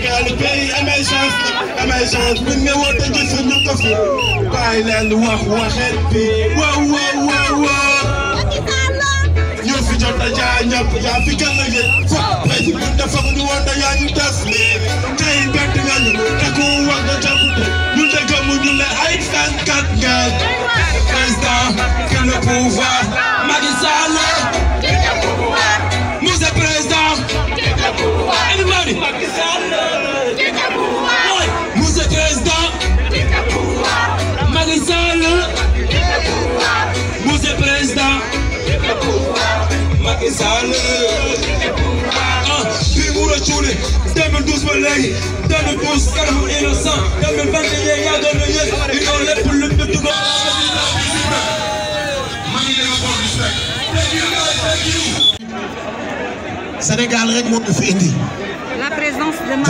قلبي أما جات أما جات منا وتجف الطفل قايل الواخ وخبي واو واو يوم في جرتا جا نيب جا في كلغي فوق بيت بنت فوق نوانا يا نتفلي تاي بنت يا نتكو وقت جاكو Sall ah bii mu la cuune 2012 ba léegi Sénégal rek moo ko fi indi. Euh,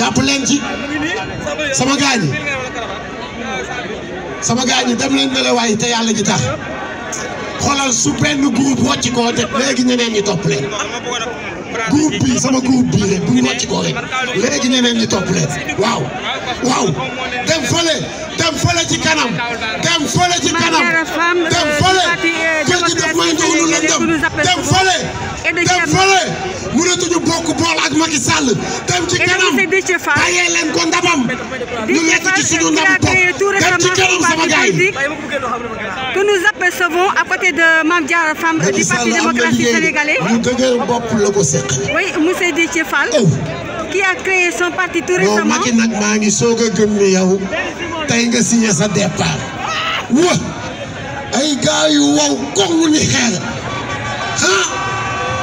jàpp leen ci sama gaañi sama gars ñi dem leen nelewaay te yàlla ji tax xoolal su benn groupe wàcc koo te léegi ñeneen ñi topp leen groupe bi sama groupe bii rek bu ñu wàcc koo rek léegi ñeneen ñi topp leen waaw waaw Macky ci kanam nous apercevons à côté de Mam du Parti démocratique sénégalais oh. qui a créé son parti tout récemment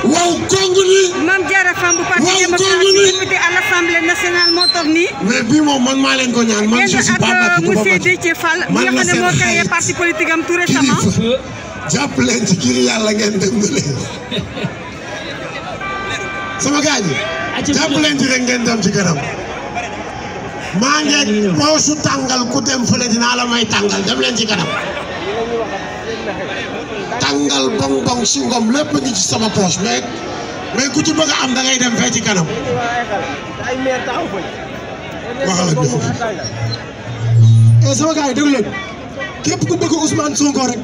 waaw kongu nii. Mame Diarra Fam bu parti démocratique député à l'Assemblée nationale moo toog nii. mais bii moom man maa leen ko ñaan man je suis Baba Touba Bati monsieur Déthié Fall. man la seen xarit mi nga xam ne moo créé parti politique am tout récemment. jàpp leen ci kii yàlla ngeen dem ba léegi. sama gars yi. jàpp leen ci rek ngeen dem ci kanam. maa ngi poche su tàngal ku dem fële dinaa la may tàngal dem leen ci kanam. tàngal bong bong si ci sama poche mais ku ci bëgg a am da ngay dem ci kanam waxal ak ñoom. Eh, ku bëgg Ousmane Sonko rek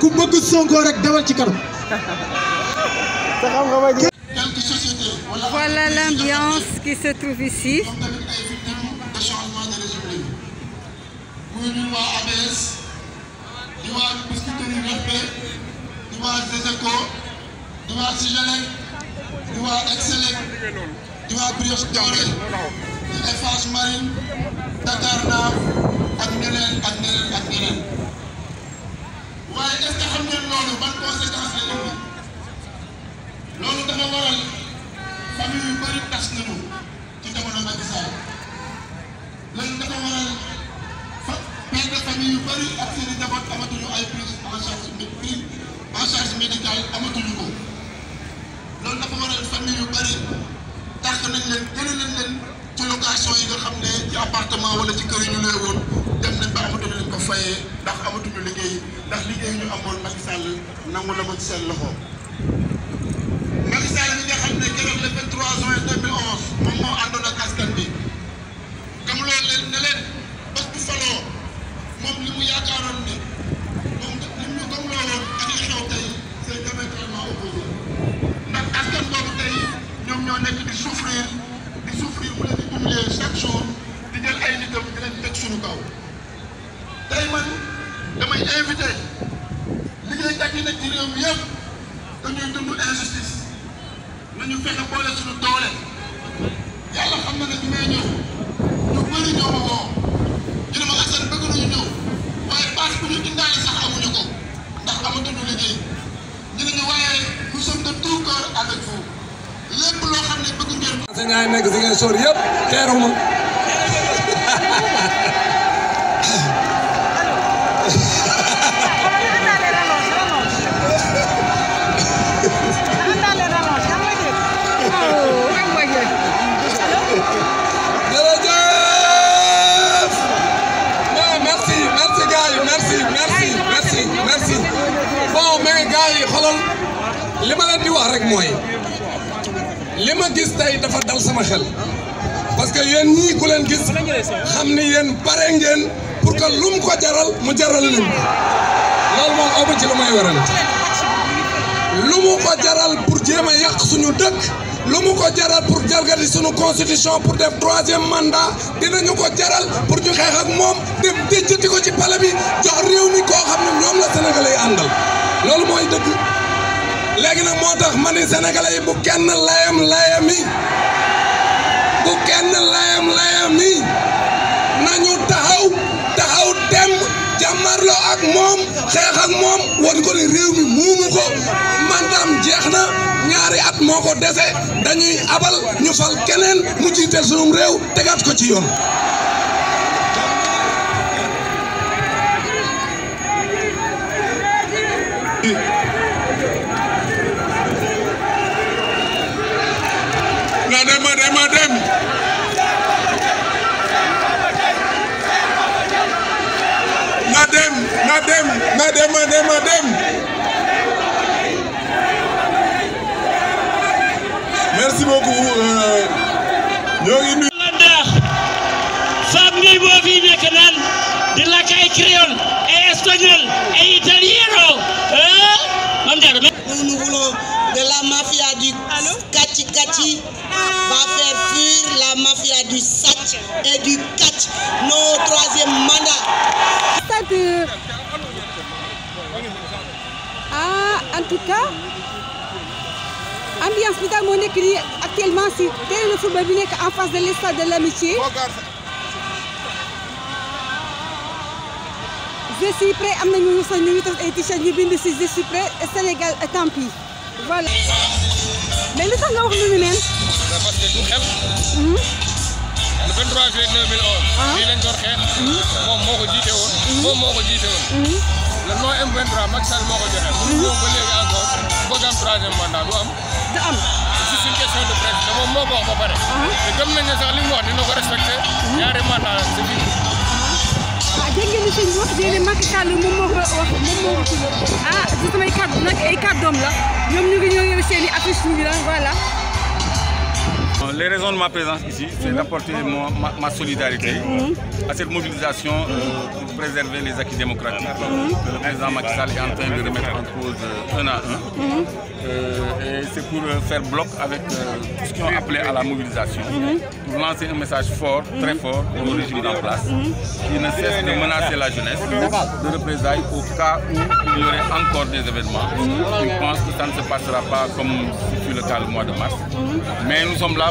ku rek demal ci kanam. Voilà l'ambiance qui se trouve ici. Dimanche Biscuiterie Reflet Dimanche Des Échos Dimanche Sigelec Dimanche Excelec Dimanche Brioche Dorée Eiffage Marine Dakar Naaf ak ñeneen ak ñeneen ak ñeneen waaye est-ce que xam ngeen loolu ban conséquence la indi loolu dafa waral famille yu bëri tas nañu ci jamono Macky Sall loolu dafa waral. de famille yu bëri famille yu bëri tax nañ leen gën leen ci location yi nga xam ne ci appartement wala ci kër yi ñu lee woon dem nañ ba amatuñu lañ ko fayee ndax amatuñu liggéey ndax liggéey ñu amoon Macky Sall nangu la ma ci seen loxo. Macky Sall nga xam ne keroog le 23 juin 2011 moom moo àndoon ak askan bi gëm loolu leen ne leen. moom li mu yaakaaroon ne moom li mu gëmloo woon ak li xew tey c'est diamétralement opposé ndax askan boobu tey ñoom ñoo nekk di souffrir di souffrir mu leen di humilier chaque di jël ay nitam di teg suñu kaw tey man damay invité liggéeykat yi nekk ci réew mi yëpp dañuy dund injustice nañu fexe boole suñu doole yàlla xam na ne may ñëw ñu bëri ñoo ma ñu ne ma Assane bëgg nañu ñëw waaye paas bu ñu indaale sax amuñu ko ndax amatuñu liggéey ñu ne ñu waaye nous sommes de tout cœur loo xam ne bëgg ngeen. parce que ñaari nekk si ngeen sori yëpp teeru ma. lima ma di wax rek mooy li gis tay dafa dal sama xel parce que yéen ni ku leen gis xamni ni yéen ngeen pour que lum ko jaral mu jaral lim lol mo amu ci lumay waral lumu ko jaral pour jema yak suñu dekk lumu ko jaral pour jalgati suñu constitution pour def troisième mandat dinañu ko jaral pour ñu xex ak mom dem déjjati ci pale bi jox réew mi koo xam ne la sénégalais andal lol moy dekk léegi nag moo tax ma ni sénégalais yi bu kenn layam layami bu kenn layam layami nañu taxaw taxaw dem jàmmarloo ak moom xeex ak moom wan ko ni réew mi muumu ko mandaam jeex na ñaari at moo ko dese dañuy abal ñu fal keneen mu jiite sunum réew tegaat ko ci yoon madem madem. Madem, madem, madem, madem, madem. Merci beaucoup. ñoo euh, di lakk italiano oh, nous voulons de la mafia du. Allô? Kati va faire fuir la mafia du 7 et du 4, Nos troisième mandat. Ah, en tout cas, ambiance bi daal moo actuellement c'est terrain de football en face de l'estade de l'amitié. je suis prêt à nañu sax ñu ngi tas t-shirt je suis prêt Sénégal tant pis voilà. mais li tax nga wax nuyu leen. parce que du xel. Hmm? le 23 juillet 2011. Ah. lii lañ doon xeex. Hmm? moom moo ko jiite woon. Hmm? moom moo ko jiite woon. le non M23 Macky Sall moo ko joxe. moom ba léegi encore bëgg am troisième mandat du am. du am. c'est une question de presse te moom moo ko wax ba pare. Ah. te gëm nañ ne sax li mu wax dina ko respecté. ñaari mandat la monsieur Ndiour nee na Macky Sall moom moo ko wax moom moo ko ah du samay kàddu nag ay kàddoom la ñoom ñu ngi ñëw seen i affiche ñu ngi voilà. Les raisons de ma présence ici, c'est mhm. d'apporter ma, solidarité mhm. à cette mobilisation euh, pour préserver les acquis démocratiques mhm. le président Macky Sall est en train de remettre en cause euh, un à un. Euh, et c'est pour faire bloc avec ce qui ont appelé à la mobilisation, pour lancer un message fort, très fort, au régime en place, qui ne cesse de menacer la jeunesse de représailles au cas où il y aurait encore des événements. Je pense que ça ne se passera pas comme ce le cas le mois de mars. Mais nous sommes là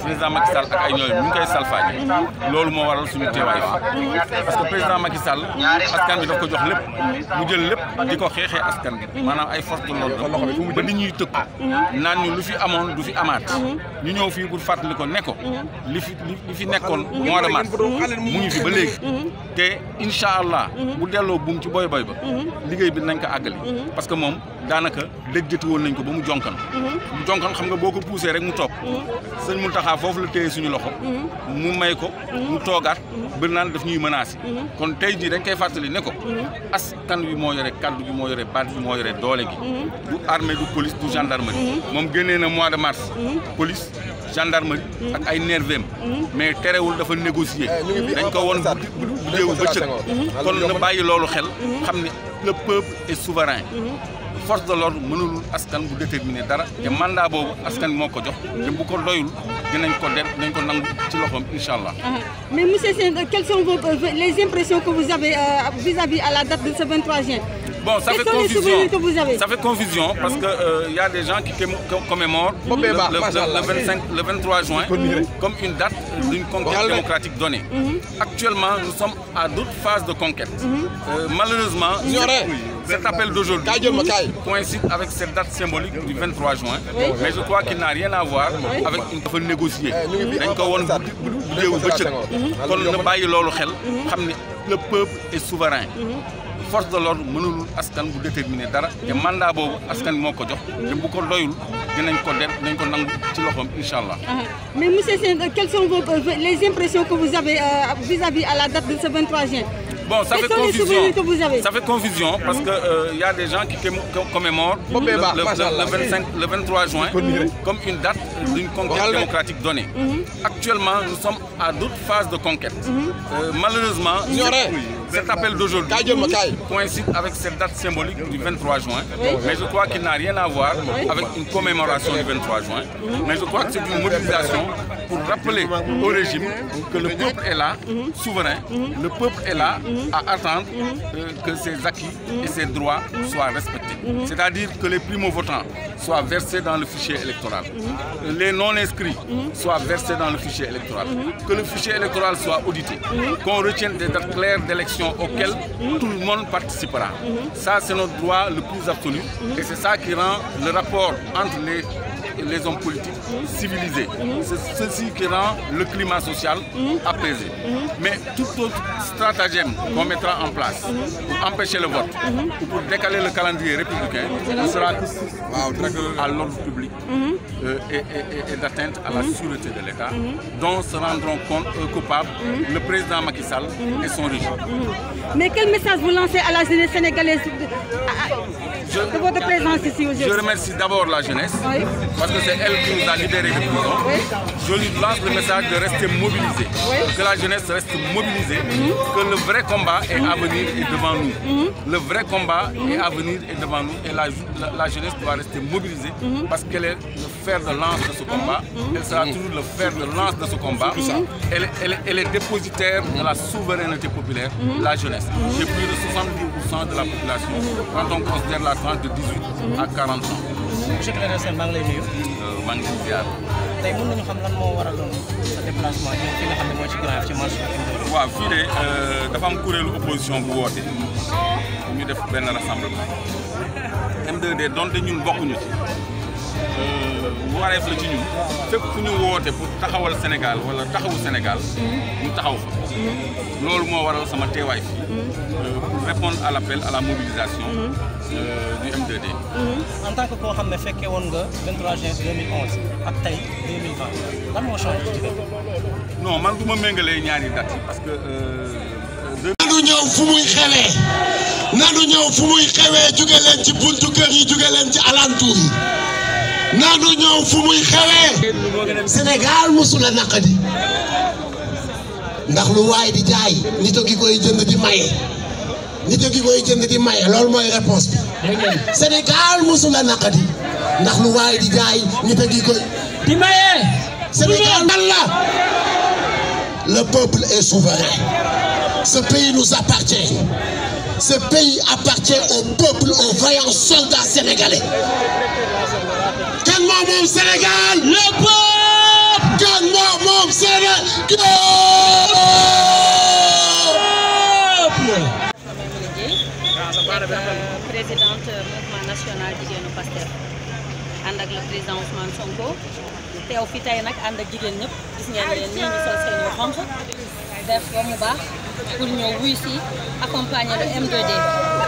président Macky Sall ak ay ñooñu ñu ngi koy salfaañe loolu moo waral suñu teewaay fi parce que président Macky Sall askan bi daf ko jox lépp mu jël lépp di ko xeexee askan bi maanaam ay force de l'ordre ba di ñuy tëkk naan ñu lu fi amoon du fi amaat ñu ñëw fii pour fàttali ko ne ko li fi li fi nekkoon mois de mars mu ngi fi ba léegi te incha allah bu delloo buum ci boy boy ba liggéey bi nañ ko àggali parce que moom daanaka dëjjati woon nañ ko ba mu jonkan mhm. mu jonkan xam nga boo ko poussé rek mu toog mhm. sëñ Muntaxa foofu la téye suñu loxo mhm. mu may ko mu toogaat bër naan daf ñuy menacé kon tey jii dañ koy fàttali ne ko askan bi moo yore kaddu bi moo yore baat bi moo yore doole gi du armée du police du gendarmerie moom génnee na mois de mars police gendarmerie ak ay nervem mais terewul dafa négocier eh, dañ ko woon bu déewu bëccëg kon na bàyyi loolu xel xam ne le peuple force de l'ordre mënulul askan bu déterminer mandat askan jox ah, ah. mais monsieur Seng, euh, quelles sont euh, les impressions que vous avez euh, vis-à-vis à la date de ce 23 juin. bon ça fait confusion ça fait confusion parce qu'il y a des gens qui commémorent oh, ben bah, le le 23 juin hein. comme une date d'une conquête démocratique donnée. Mhm. actuellement nous sommes à d'autres phases de conquête. Mhm. malheureusement. Cet appel d'aujourd'hui coïncide avec cette date symbolique du 23 juin, mais je crois qu'il n'a rien à voir avec une affaire négocier ko le peuple est souverain force de l'ordre nous askan bu déterminé dara mandat de askan moo jox bu ko mais monsieur quelles sont les impressions que vous avez vis-à-vis à la date de ce 23 juin Bon, ça fait confusion. ça fait confusion parce qu'il euh, y a des gens qui commémorent le, 23 juin comme une date d'une conquête démocratique donnée. Mhm. Actuellement, nous sommes à d'autres phases de conquête. Mhm. Euh, malheureusement, cet appel d'aujourd'hui coïncide avec cette date symbolique du 23 juin. Mais je crois qu'il n'a rien à voir avec une commémoration du 23 juin. Mhm. Mais je crois que c'est une mobilisation pour rappeler au régime que le peuple est là, souverain, le peuple est là à attendre euh, que ses acquis et ses droits soient respectés. C'est-à-dire que les primo-votants soient versés dans le fichier électoral, les non-inscrits soient versés dans le fichier électoral, que le fichier électoral soit audité, qu'on retienne des dates claires d'élection auxquelles tout le monde participera. Ça, c'est notre droit le plus absolu et c'est ça qui rend le rapport entre les les hommes politiques civilisés. C'est Ceci qui rend le climat social apaisé. Mais tout autre stratagème qu'on mettra en place pour empêcher le vote pour décaler le calendrier républicain sera à l'ordre public euh, et, d'atteinte à la sûreté de l'État, dont se rendront euh, coupables le président Macky Sall et son régime. Mais quel message vous lancez à la jeunesse sénégalaise de, votre présence ici aujourd'hui Je remercie d'abord la jeunesse parce que c'est elle qui nous a libérés de prison, je lui lance le message de rester mobilisé, que la jeunesse reste mobilisée, que le vrai combat est à venir et devant nous. Mhm. Le vrai combat mhm. est à venir et devant nous et la, jeunesse doit rester mobilisée mhm. parce qu'elle est le fer de lance de ce combat, elle sera toujours le fer de lance de ce combat. Elle, est dépositaire de la souveraineté populaire, la jeunesse. J'ai plus de 70% de la population quand on considère la tranche de 18 à 40 ans. monsieur la Sène maa ngi lay nuyu. Euh, maa ngi leen ziar. tey mën nañu xam lan moo waraloon sa déplacement ñoom fi nga xam ne mooy ci Grand Yoff fii de euh, dafa am kuréelu opposition bu woote ñu def benn rassemblement M2D donte ñun bokkuñu ci. wareef la ci ñun fépp fu ñu woote pour taxawal Sénégal wala taxawu Sénégal ñu taxaw fa loolu moo waral sama teewaay fii euh, pour répondre à l'appel à la mobilisation euh, du M2D en tant que koo xam ne fekkee woon nga 23 juin 2011 ak Tay 2020 lan moo changé ci non man du ma méngalee ñaari date parce que euh, nanu ñëw fu muy xewee nanu ñëw fu muy xewee jóge leen ci buntu kër yi jóge leen ci alentour nanu ñëw fu muy xewee Sénégal mosula naqadi ndax lu waay di jaay nit a ki koy jënd di maye nit a ki koy jënd di maye loolu mooy réponse bi Sénégal Moussoula, naqadi ndax lu waay di jaay nit a ki koy di maye Sénégal nan le peuple est souverain ce pays nous appartient ce pays appartient au peuple aux vaillants soldat sénégalais kan moo moom Sénégal. le peuple. Euh, euh, national jigéenu Pastef ànd ak le président Ousmane Sonko teew fi tey nag ànd ak jigéen ñëpp gis ngeen leen ñii ñu sol seen yu def ba mu baax pour ñëw wuy si accompagner le m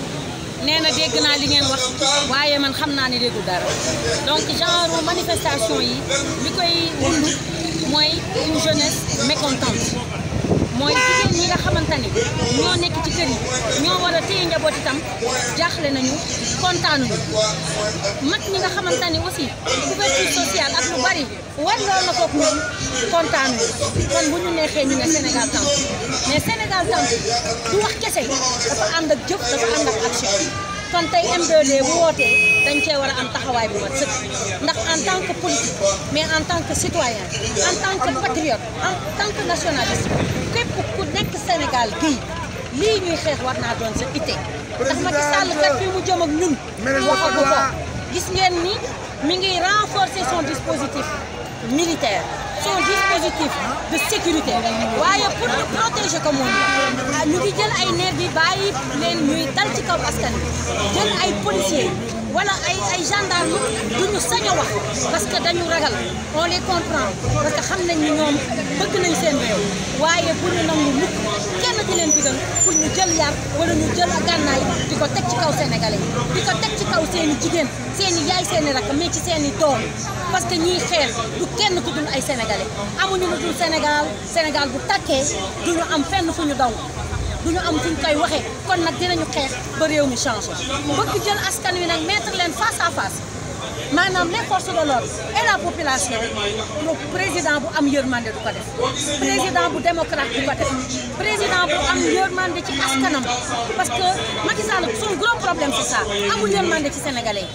nee na dégg naa li ngeen wax waaye man xam naa ni déggu dara donc genre manifestation yi li koy wund mooy une jeunesse mécontente mooy jigéen ñi nga xamante ñoo nekk ci kër yi ñoo war a téye njaboot itam jaaxle nañu kontaanuñu mag ñi nga xamante ne aussi couverture sociale bari war loolu na ko koom kontaan kon bu ñu neexee ñu ne Sénégal Tamp mais Sénégal Tamp du wax kese dafa ànd ak jëf dafa ànd ak action kon tey m bu wootee dañ cee war a am taxawaay bu mat sëkk ndax en tant politique mais en tant citoyen en tant que en tant nationaliste képp ku nekk Sénégal gii lii ñuy xeex war naa doon sa itte ndax Macky Sall kat fi mu jëm ak ñun gis ngeen ni Mingi a renforcer son dispositif militaire son dispositif de sécurité pour nous protéger comme on ah, ñu ngi jël ay qui bi bàyyi leen ñuy dal ci policiers wala ay ay gendarme du ñu sañ a wax parce que dañu ragal on les comprend parce que xam nañ ñoom bëgg nañ seen réew waaye bu ñu nangu mukk kenn di leen digal pour ñu jël yar wala ñu jël gànnaay di ko teg ci kaw sénégalais yi di ko teg ci kaw seeni jigéen seeni yaay seeni rakk mais ci seeni doom parce ñiy xeex du kenn ku dul ay sénégalais amuñu lu dul Sénégal Sénégal bu tàkkee du ñu am fenn fu daw duñu am fuñ koy waxee kon nag dinañu xeex ba réew mi changé bëgg jël askan wi nag mettre leen face à face Maintenant, les forces de l'ordre et la population le président vous am yërmande du ko le président vous démocrate du ko le président pour am yërmande askanam parce que Macky Sall son gros problème c'est ça amul yërmande ci sénégalais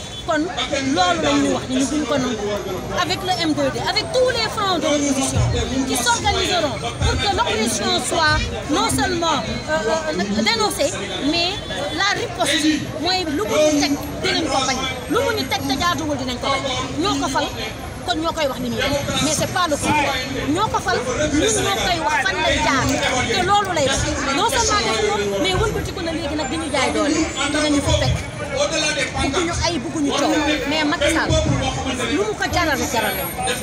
avec le m avec tous les fronts de l'opposition qui s'organiseront pour que l'opposition soit non seulement euh, euh, dénoncée mais la riposte moi, lu ko bañ lu mu ñu teg te jaaduwul dinañ ko bañ ñoo ko fal kon ñoo koy wax ni muy mais c'est pas le ñoo ko fal ñun ñoo koy wax fan lay jaar te loolu lay def non seulement def loolu mais wëlbatiku na léegi nag di ñu jaay doole dinañu fi fekk bugguñu ay bugguñu coow mais Macky Sall lu mu ko jaral jaral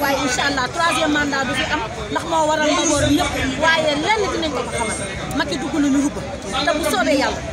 waaye incha allah troisième mandat du fi am ndax moo waral mbaboor ñëpp waaye lenn dinañ ko ko xamal Macky dugg na ñu te bu soobee yàlla.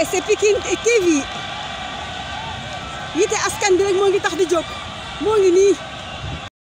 et c'est Pikine TV yite askan bi rek moo ngi tax di jóg moo ngi nii